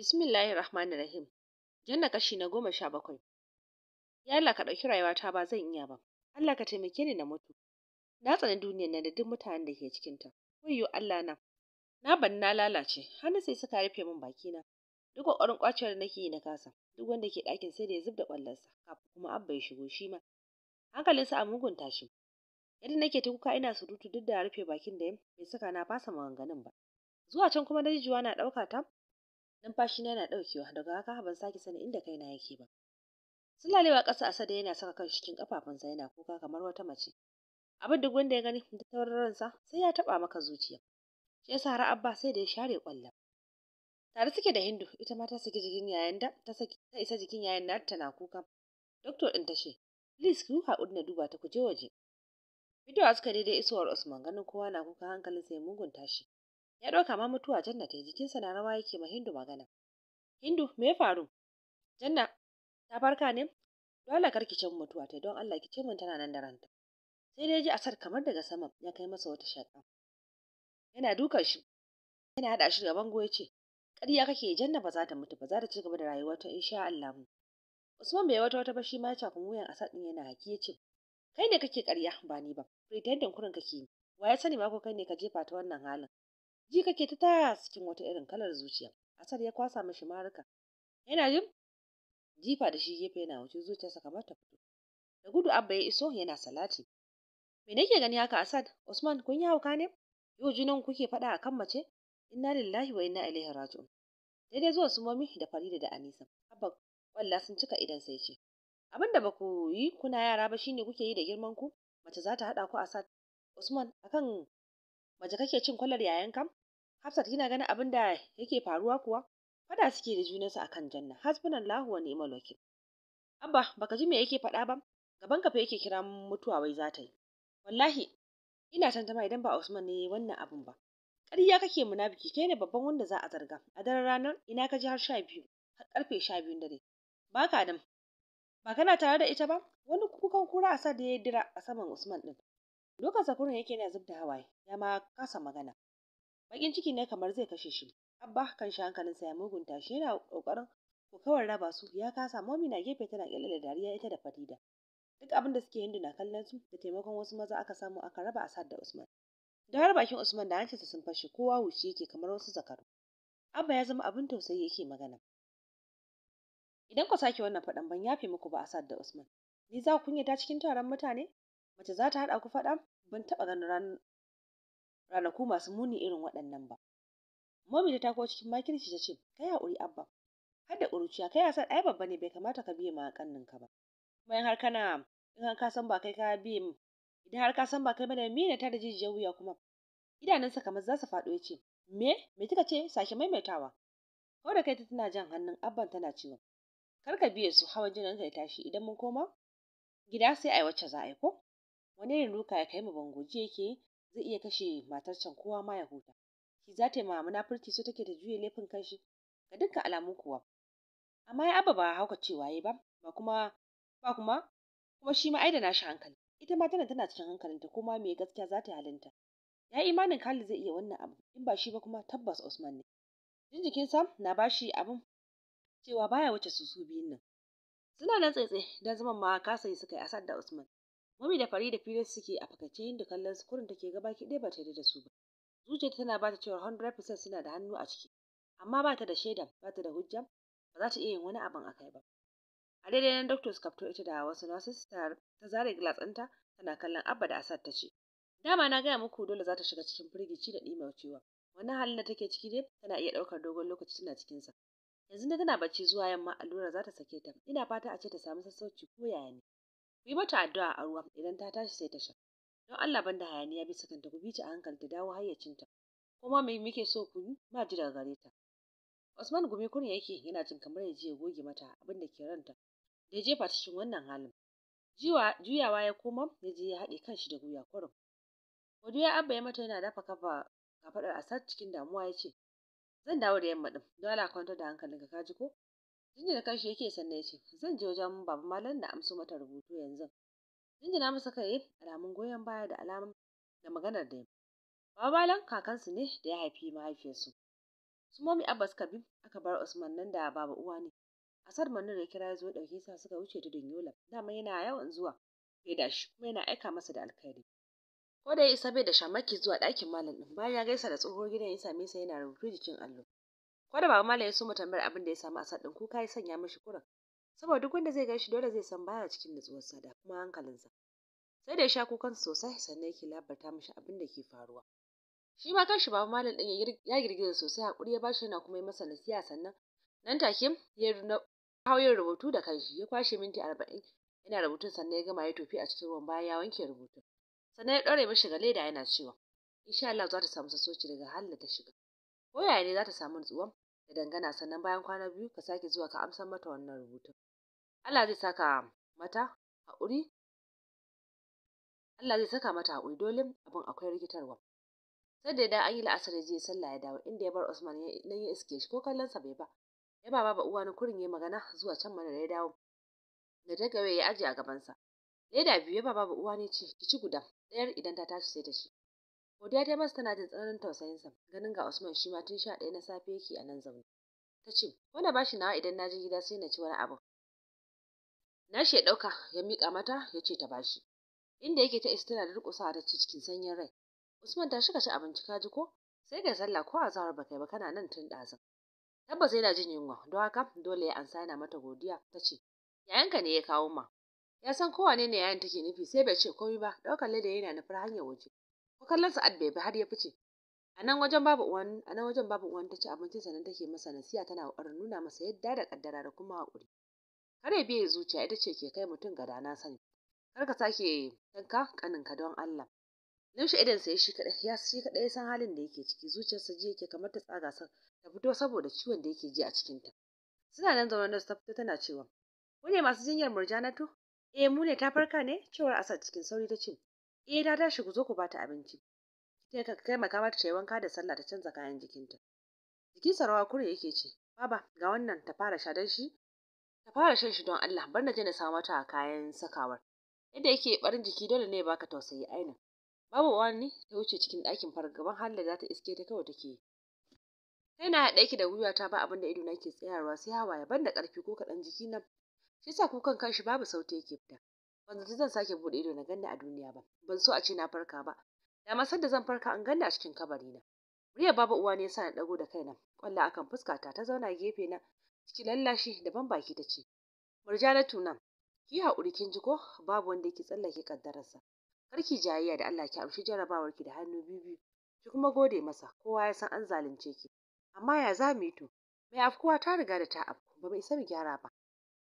Bismillahir Rahmanir Rahim. Janna kashi na goma sha bakwai. Ya Allah ka ɗauki rayuwata ba zan iya ba. Allah ka taimake ni na mutu. Na tsani duniyar nan da duk mutanen da ke cikinta. Wayyo Allah na. Na ban na lalace, hannu sai suka rufe min bakina. Duk ƙoƙarin ƙwacewar nake yi na kasa. Duk wanda ke ɗakin sai da ya zubda ƙwallonsa, kafin kuma Abba ya shigo shi ma. Hankalinsa a mugun tashi. Yadda nake ta kuka ina surutu duk da rufe bakin da bai saka na fasa maganganun ba. Zuwa can kuma na na ɗauka ta, numfashi na yana ɗaukewa daga haka ban sake sanin inda kaina yake ba sulalewa ƙasa a sada yana saka kansa cikin ƙafafunsa yana kuka kamar wata mace abin duk wanda ya gani da sa, sai ya taɓa maka zuciya shi yasa har abba sai da ya share ƙwallon tare suke da hindu ita ma ta saki jikin yayan da ta saki ta isa jikin yayan nata tana kuka doktor ɗin ta please ku haƙuri na duba ta ku je waje a suka daidai isowar Usman ganin kowa na kuka hankalin sai mugun tashi. ya ɗauka ma mutuwa Janna ta jikinsa na rawa yake ma Hindu magana. Hindu me ya faru? Janna ta farka ne? Dole kar ki can mutuwa ta don Allah ki ce mun tana nan da ranta. Sai dai ji asar kamar daga sama ya kai masa wata shaka. Yana dukan shi. Yana haɗa shi bango ya ce ƙarya kake Janna ba za ta mutu ba za ta ci gaba da rayuwa ta insha Allah mu. Usman bai wata wata ba shi ma ya cakun wuyan asar ɗin yana haki ya ce kai ne kake ƙarya ba ni ba pretending kurin kake yi. Wa ya sani ma ko kai ne ka jefa ta wannan halin. ji kake ta taya cikin wata irin kalar zuciya asar ya kwasa mishi maruka yana jin jifa da shi gefe yana wuce zuciyarsa kamar ta fito da gudu abba ya iso yana salati me nake gani haka asad usman kun yi hauka ne yau junan kuke faɗa akan mace inna lillahi wa inna ilaihi raji'un daidai zuwa su mami da farida da anisa abba walla sun cika idan sai ce abin da baku yi kuna yara ba shine kuke yi da girman ku mace za ta haɗa ku asad usman akan mace kake cin kwalar yayan kam Hafsat kina ganin abin da yake faruwa kuwa? Fada suke da junansu akan Janna. Hasbunallahu wa ni'mal wakil. Abba baka ji me yake faɗa ba? Gaban ka yake kira mutuwa wai za ta yi. Wallahi ina tantama idan ba Usman ne wannan abin ba. Ƙarya kake munafiki kai ne babban wanda za a zarga. A daren ranar ina ka ji har sha biyu har karfe sha biyun dare. Ba ka nan. Ba kana tare da ita ba? Wani kukan kura a sa da ya dira a saman Usman ɗin. Lokacin sakurin yake yana zubda hawaye ya ma kasa magana. bakin ciki ne kamar zai kashe shi abba kan shi hankalinsa ya mugunta shi yana kokarin kokawar raba su ya kasa momi na gefe tana kyalle da dariya ita da farida duk abin da suke yin na kallon su da taimakon wasu maza aka samu aka raba asad da usman da har bakin usman da hancinsa sun fashe kowa wuce yake kamar wasu zakaru abba ya zama abin tausayi yake magana idan ku sake wannan faɗan ban yafe muku ba asad da usman ni za ku kunyata cikin taron mutane mace za ta haɗa ku faɗa ban taɓa ganin ranaku masu muni irin waɗannan ba momi ta tako cikin makirci ta ce kai haƙuri abba har da ƙuruciya kai san ai babba ne bai kamata ka biye ma kannin ka ba kuma in har kana in har ka san ba kai ka biye mu idan har ka san ba kai bane mina ta da jijiyar wuya kuma idanunsa kamar za su faɗo ya ce me me kika ce sake maimaitawa Kau da kai ta tana jan hannun abban tana cewa kar ka biye su hawan jinin ka ya tashi idan mun koma gida sai ai wacce za a yi ko wani irin duka ya kai mu bangoji yake zai iya kashe matar can kowa ma ya huta shi za ta yi ma munafurci so take ta juye laifin kanshi ga dukkan alamun kuwa amma ya abba ba hauka cewa yi ba ba kuma ba kuma kuma shi ma ai da nashi hankali ita ma tana tana cikin hankalinta ko kuma me gaskiya za ta halinta ya yi imanin Khalid zai iya wannan abu in ba shi ba kuma tabbas Usman ne jinjikin sam na ba bashi abin cewa baya wuce su su biyun nan suna nan tsetse don zaman ma kasa yi suka yi Asad da Usman Mami da Farida filin suke a fakaice yadda kallon su kurin take gaba ki ɗaya ba ta da su ba. Zuciyarta tana ba ta cewa 100% suna da hannu a ciki, amma ba ta da shaida, ba ta da hujja, ba za ta iya yin wani abin a kai ba. A daidai nan Dr. skafto ita da wasu nurses ta zare gilas ɗinta tana kallon Abba da Asad ta ce. Dama na gaya muku dole za ta shiga cikin firgici da cewa. Wannan halin da take ciki dai tana iya ɗaukar dogon lokaci tana cikinsa. Yanzu da tana bacci zuwa yamma allura za ta sake ta. Ina fata a ce ta samu sassauci ko yaya ne. Ku yi mata addu'a a ruwa idan ta tashi sai ta sha. Don Allah banda hayaniya bisa kanta ku bi ta a hankali ta dawo hayyacinta. Kuma me muke so ku yi ba ji daga gare ta. Usman gumi kurin yake yana jin kamar ya je ya goge mata abin da ke ranta da ya jefa cikin wannan halin. Juyawa ya koma ya je ya haɗe kanshi da guya kurum. Godiya Abba ya mata yana dafa kafa kafaɗar Asad cikin damuwa ya ce, Zan dawo da yamma ɗin, dole a kwantar da hankalinka ka ji ko? jinjina kanshi yake sannan ya ce zan je wajen baba malam na amso mata rubutu yanzu jinjina masa kai alamun goyon baya da alamun da maganar da Babu malam kakansu ne da ya haifi mahaifiyarsu su momi abbas Kabir aka bar usman nan da baba uwa ne asad Manu ya kira ya zo ɗauke sa suka wuce ta yola dama yana yawan zuwa Bai da shi kuma yana aika masa da alkhairi ko da ya isa bai da shamaki zuwa ɗakin malam ɗin bayan ya gaisa da tsohuwar gidan ya same sa yana rubutu jikin allo ko da baba malam ya so mu tambayar abin da ya samu asad din kuka ya sanya mishi kurin saboda duk wanda zai shi dole zai san baya cikin sa, da kuma hankalinsa sai da ya sha kukan sosai sannan yake labarta mishi abin da ke faruwa shi ma kanshi baba malam din ya girgiza sosai hakuri ya bashi yana kuma yi masa nasiha sannan nan take ya yin rubutu da kanshi ya kwashe minti arba'in yana rubutun sannan ya gama ya tofi a cikin ruwan bayan ya wanke rubutun sannan ya ɗaure mishi ga leda yana cewa insha Allah za ta samu sassauci daga halin da ta shiga ko yaya ne za ta samu nutsuwan ya dangana sannan bayan kwana biyu ka sake zuwa ka amsar mata wannan rubutun Allah zai saka mata haƙuri Allah zai saka mata haƙuri dole abin akwai rikitarwa sai da idan an yi la'asar ya sallah ya dawo inda ya bar Usman nan ya iske shi ko kallon sa bai ba ya ba baba uwa na kurin ya magana zuwa can mana ya dawo da dagawe ya aje a gaban sa leda biyu ya ba baba uwa ne ce ki ci guda ɗayar idan ta tashi sai ta ci Godiya ta masa tana jin tsananin sa ganin ga Usman shi ma tun sha ɗaya na safe yake a nan zaune. Ta ce, wanda bashi nawa idan na je gida sai na ci wani abu. Na shi ya ɗauka ya miƙa mata ya ce ta bashi. Inda yake ta isa tana da rukusawa ta ce cikin sanyin rai. Usman ta shiga ci abinci ka ji ko? Sai ga sallah ko azahar ba kai ba kana nan tun ɗazun. Tabbas yana jin yunwa, don haka dole ya ansa yana mata godiya ta ce, yayanka ne ya kawo ma. Ya san kowane ne yayan take nufi sai bai ce komai ba, ɗaukar da yana nufin hanyar waje. ko kallon sa'ad bai bi har ya fice a nan wajen babu uwan a nan wajen babu uwan ta ci abincin nan take masa nasiya tana ƙoƙarin nuna masa yadda da kaddara da kuma haƙuri kar ya biye zuciya ita ce ke kai mutum ga dana sani kar ka sake tanka kaninka don Allah Limshi idan sai shi kada ya shi kadai san halin da yake ciki zuciyarsa ji yake kamar ta tsaga sa ta fito saboda ciwon da yake ji a cikin ta suna nan zaune da ta fito tana cewa ku masu jinyar murjanatu eh mu ta farka ne cewar asar cikin sauri ta ce eh ta tashi ku zo ku bata abinci sai ka taimaka mata ta yi wanka da sallah ta canza kayan jikinta jikin sarawa kure yake ce baba ga wannan ta fara sha shi ta fara shan shi don Allah bar na je na samu mata kayan sakawar yadda yake barin jiki dole ne baka tausayi ainin babu wani ta wuce cikin ɗakin fargaban halin za ta iske ta kawai take kai na haɗa da gwiwa ta ba abin da ido na ke tsayarwa, sai hawaye ban da ƙarfi ko kaɗan jiki na shi sa kukan kanshi babu sauti yake fita ban zaci zan sake bude ido na ganni a duniya ba ban so a ce na farka ba da ma sanda zan farka an ganni a cikin kabari na muryar babu uwa ne yasa na dago da kaina kwalla akan fuska ta zauna gefe na ciki lallashi da ban baki ta ce na tunan. ki haƙuri kin ji ko babu wanda yake tsallake kaddararsa kar ki jayayya da Allah ki amshi jarabawar ki da hannu biyu biyu ki kuma gode masa kowa ya san an zalunce ki amma ya za mu yi to mai afkuwa ta riga da ta afku ba mai isa gyara ba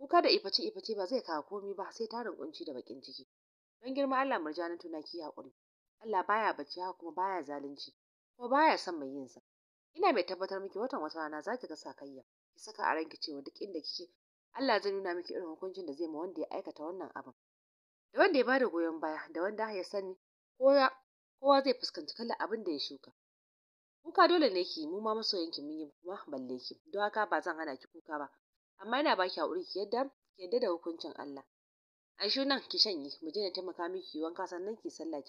kuka da iface iface ba zai kawo komi ba sai tarin kunci da bakin ciki don girma Allah murjanatu na ki hakuri Allah baya bacci ha kuma baya zalunci kuma baya son mai yin sa ina mai tabbatar miki watan wata rana za ki ga sakayya ki saka a ranki cewa duk inda kike Allah zai nuna miki irin hukuncin da zai ma wanda ya aikata wannan abin da wanda ya bada goyon baya da wanda ya sani kowa kowa zai fuskanci kallon abin da ya shuka kuka dole ne ki mu ma masoyanki mun yi kuma balle ki don haka ba zan hana ki kuka ba amma ina baki haƙuri ki yadda ki yadda da hukuncin Allah ai shi nan ki shanye mu je na taimaka miki wanka sannan ki sallah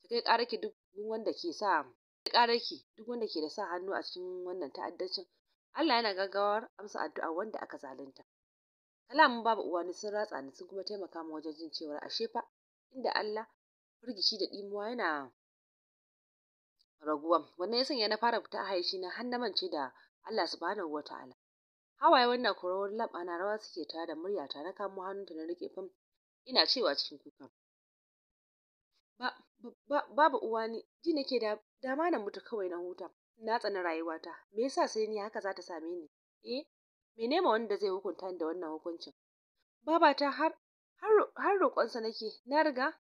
ki kai ƙarar ki duk wanda ke sa ki duk wanda ke da sa hannu a cikin wannan ta'addancin Allah yana gaggawar amsa addu'a wanda aka zalunta kalamin babu uwa ni sun ratsa ni sun kuma taimaka min wajen jin cewa ashe fa inda Allah firgici da ɗimuwa yana raguwa wannan ya sanya na fara fita a haishi na har na mance da Allah subhanahu wataala hawaye wannan korawar lamba na rawa suke ta da muryata na kamo hannunta na riƙe fam ina cewa cikin kuka babu uwa ne ji nake da dama na mutu kawai na huta na tsani rayuwata me yasa sai ni haka za ta same ni eh mene ma wanda zai hukunta ni da wannan hukuncin babata har har roƙonsa nake na riga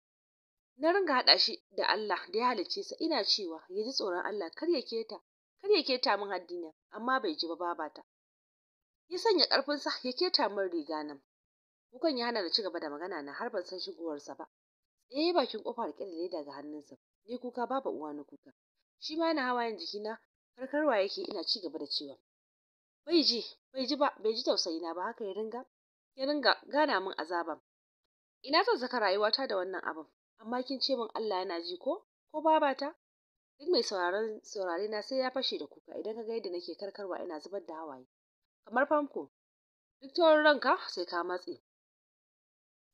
na ringa haɗa shi da Allah da ya halicce sa ina cewa ya ji tsoron Allah kar ya keta kar ya keta min haddina amma bai ji ba babata ya sanya ƙarfinsa ya keta min riga nan kukan ya hana da ci gaba da magana na har ban san shigowarsa ba tsaye bakin kofar ƙyalale daga hannunsa ni kuka babu uwa ni kuka shi ma na hawayen jikina karkarwa yake ina ci gaba da cewa bai ji bai ji ba bai ji tausayina ba haka ya ringa ya ringa gana min azaba ina zan saka rayuwata da wannan abin amma kin ce min Allah yana ji ko ko babata duk mai sauraron saurare na sai ya fashe da kuka idan ka ga yadda nake karkarwa ina zubar da hawaye kamar famfo duk taurin ranka sai ka matse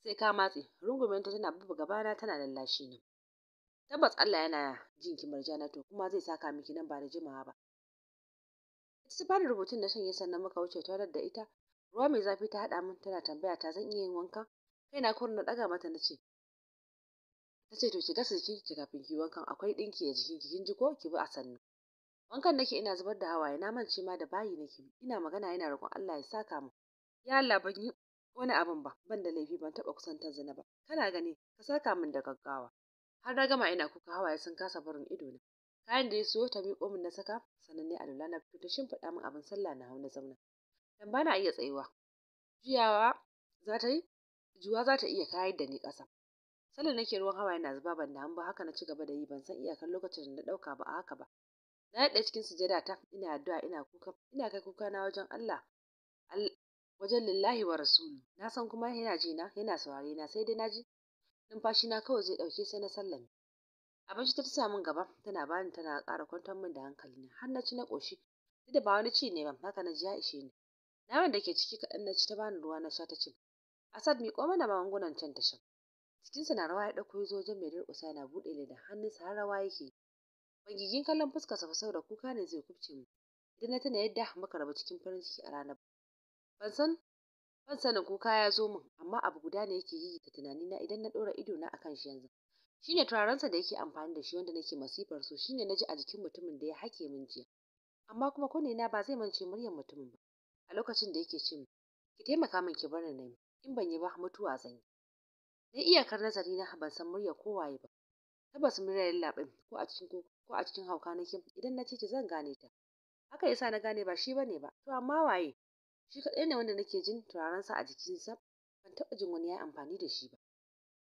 sai ka matse ta tana bubbuga gabana, tana lallashi ni tabbas Allah yana jin ki marjana to kuma zai saka miki nan ba da jimawa ba ita ta bani rubutun na shanye sannan muka wuce tare da ita ruwa mai zafi ta haɗa min tana tambaya ta zan iya yin wanka kai na kurin na ɗaga mata na ce ta ce to ki gasa jikin ki kafin ki wankan akwai ɗinki a jikin ki kin ji ko ki bi a sannu wankan nake ina zubar da hawaye na mance ma da bayi nake ina magana yana roƙon Allah ya saka mu ya Allah ban yi wani abin ba ban da laifi ban taɓa kusantar zina ba kana gani ka saka min da gaggawa har na gama ina kuka hawaye sun kasa barin ido na kayan da ya siyo ta miƙo min na saka sannan ne a na fito ta shimfiɗa min abin sallah na hau na zauna dan bana iya tsayuwa juyawa za ta yi juwa za ta iya kayar da ni ƙasa sallar nake ruwan hawaye na zuba ban damu ba haka na ci gaba da yi ban san iyakar lokacin da na ɗauka ba a haka ba Na daɗe cikin sujada ta ina addu'a ina kuka ina kai kukana wajen Allah wajen lillahi wa rasuli na san kuma yana ji na yana saurare na sai dai na ji numfashi na kawai zai ɗauke sai na sallame abinci ta sa min gaba tana bani tana ƙara kwantar min da hankali na har na ci na ƙoshi duk da ba wani ci ne ba haka na ji ya ishe ni naman da ke ciki kaɗan na ci ta bani ruwa na sha ta ce Asad ko mana magungunan can ta sha sa na rawa ya ɗauko ya zo wajen mai durƙusa yana buɗe leda sa har rawa yake Magigin kallon fuskarsa fa saboda kuka ne zai kubce mu. Idan na tuna yadda muka rabu cikin farin ciki a ranar. Ban san ban sanin kuka ya zo min amma abu guda ne yake yi tunani na idan na ɗora idona akan shi yanzu. shine sa da yake amfani da shi wanda nake masifar so shine naji a jikin mutumin da ya hake min jiya amma kuma kunne na ba zai mance muryar mutumin ba a lokacin da yake ce min ki taimaka min ki bar ni in ban yi ba mutuwa zan yi na iyakar nazari na ban san muryar kowaye ba tabbas muryar laɓin ko a cikin ko a cikin hauka nake idan na ce ta zan gane ta haka yasa na gane ba shi bane ba to amma waye shi kaɗai ne wanda nake jin turarensa a sa ban taɓa jin wani ya amfani da shi ba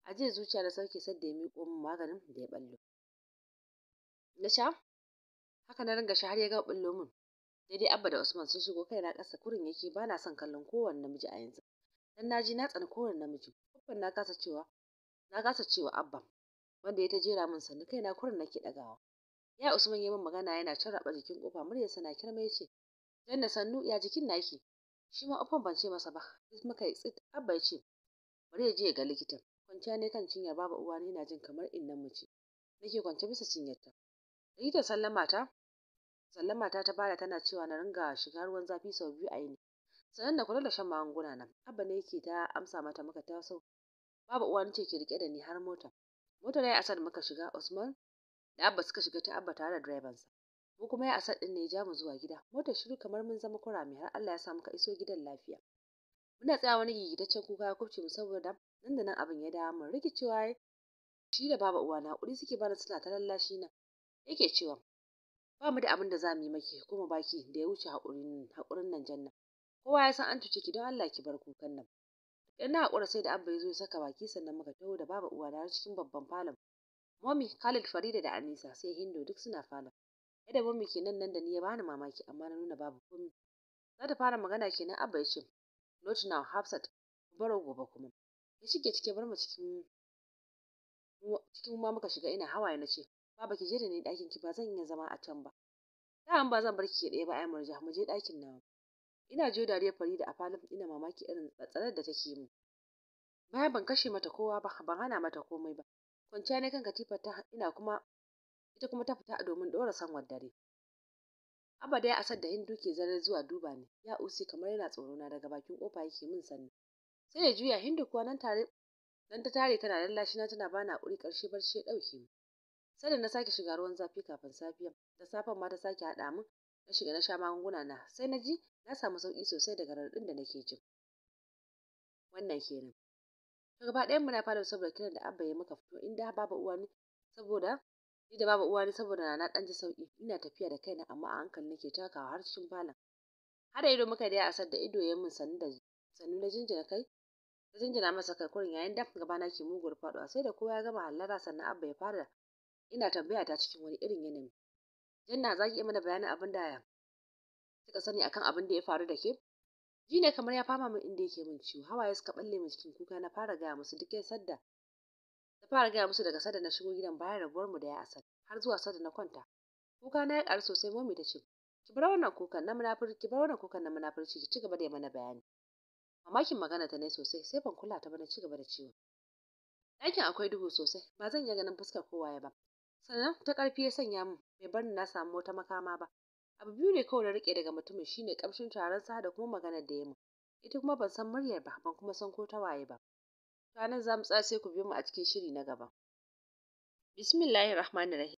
a jiya zuciya na sauke da ya miƙo min maganin da ya ɓallo na sha haka na ringa shi har ya gama ɓallo min daidai abba da usman sun shigo kaina ƙasa kurin yake ba na son kallon kowane namiji a yanzu dan na ji na tsani kowane namiji babban na kasa cewa na kasa cewa abba wanda ya ta jera min sannu kaina kurin nake ɗagawa Ya Usman ya min magana yana carraba jikin kofa muryarsa na kirma yace Janna sannu ya jikin naki shi ma ufan ban ce masa ba duk muka yi tsit abba ya ce bari ya je ya ga likitan kwanciya ne kan cinyar baba uwa na jin kamar in nan ce nake kwance bisa cinyarta likitan sallama ta sallama ta ta bada tana cewa na ringa shiga ruwan zafi sau biyu a yini sannan da kula da shan magunguna nan. abba ne yake ta amsa mata muka taso baba uwa ce ke rike da ni har mota motar a asar muka shiga usman da abba suka shiga ta abba tare da direbansa mu kuma ya asar din ne ya ja mu zuwa gida motar shiru kamar mun zama kurame har Allah ya sa muka iso gidan lafiya muna tsaya wani gigitaccen kuka ya kubce mu saboda nan da nan abin ya dawo mun rikicewa shi da baba uwa na kuri suke bani suna ta lallashi na yake cewa ba mu da abin da za mu yi maki kuma baki da ya wuce haƙurin haƙurin nan janna kowa ya san an cuce ki don Allah ki bar kukan nan dan na haƙura sai da abba ya zo ya saka baki sannan muka taho da baba uwa na cikin babban falon Momi, Khalid, Farida da Anisa sai Hindu duk suna falon. Yadda Momi ke nan nan da ni ya bani mamaki amma na nuna babu komai. Za ta fara magana kenan Abba ya ce, Not now, Hafsat, baro gobe kuma. Ya shige cike bar mu cikin cikin ma muka shiga ina hawaye na ce, Baba ki je da ni ɗakin ki ba zan iya zama a can ba. Da an ba zan bar ki ɗaya ba ai murja mu je ɗakin nawa. Ina jo dariyar Farida a falon ina mamaki irin tsatsarar da take min. Bayan ban kashe mata kowa ba, ban hana mata komai ba. kwanciya ne kan katifar ta ina kuma ita kuma ta fita a domin ɗora sanwar dare abba dai san da hindu ke zarar zuwa duba ni ya usi kamar yana tsoro, na daga bakin kofa yake min sanni sai ya juya hindu kuwa nan tare nan ta tare tana lallashi na tana bana hakuri karshe barci ya ɗauke mu sai na sake shiga ruwan zafi kafin safiya da safen ma ta sake haɗa min na shiga na sha magunguna na sai na ji na samu sauki sosai daga raɗaɗin da nake jin wannan kenan to gaba ɗayan muna fara saboda kiran da abba ya maka fito inda babu uwa ni saboda ni da babu uwa ni saboda na dan ji sauki ina tafiya da kaina amma a hankali nake takawa har cikin falon har ido muka a sar da ido ya mun sannu da sannu na jinjina kai ta jinjina masa kai kurin yayin da gaba na ke mugun faɗuwa sai da kowa ya gama hallara sannan abba ya fara ina tambaya ta cikin wani irin yanayi janna za ki iya mana bayanin abin da kika sani akan abin da ya faru da ke ji ne kamar ya fama min inda yake min ciwo hawaye suka balle min cikin kuka na fara gaya musu duk sadda na fara gaya musu daga sadda na shigo gidan bayan rabuwar mu da ya asar har zuwa sadda na kwanta kuka na ya ƙaru sosai momi ta ce ki bar wannan kukan na munafurci ki bar wannan kukan na munafurci ki cigaba da yi mana bayani mamakin magana ta ne sosai sai ban kula ta ba na cigaba da ciwo ɗakin akwai duhu sosai ba zan iya ganin fuskar kowa ya ba sannan ta ƙarfi ya sanya min bai bar ni na samu wata makama ba abu biyu ne kawai na rike daga mutumin shine kamshin sa da kuma maganar da ya ita kuma ban san muryar ba ban kuma san ko ta waye ba to nan za mu tsaya sai ku biyo mu a cikin shiri na gaba bismillahir rahmanir rahim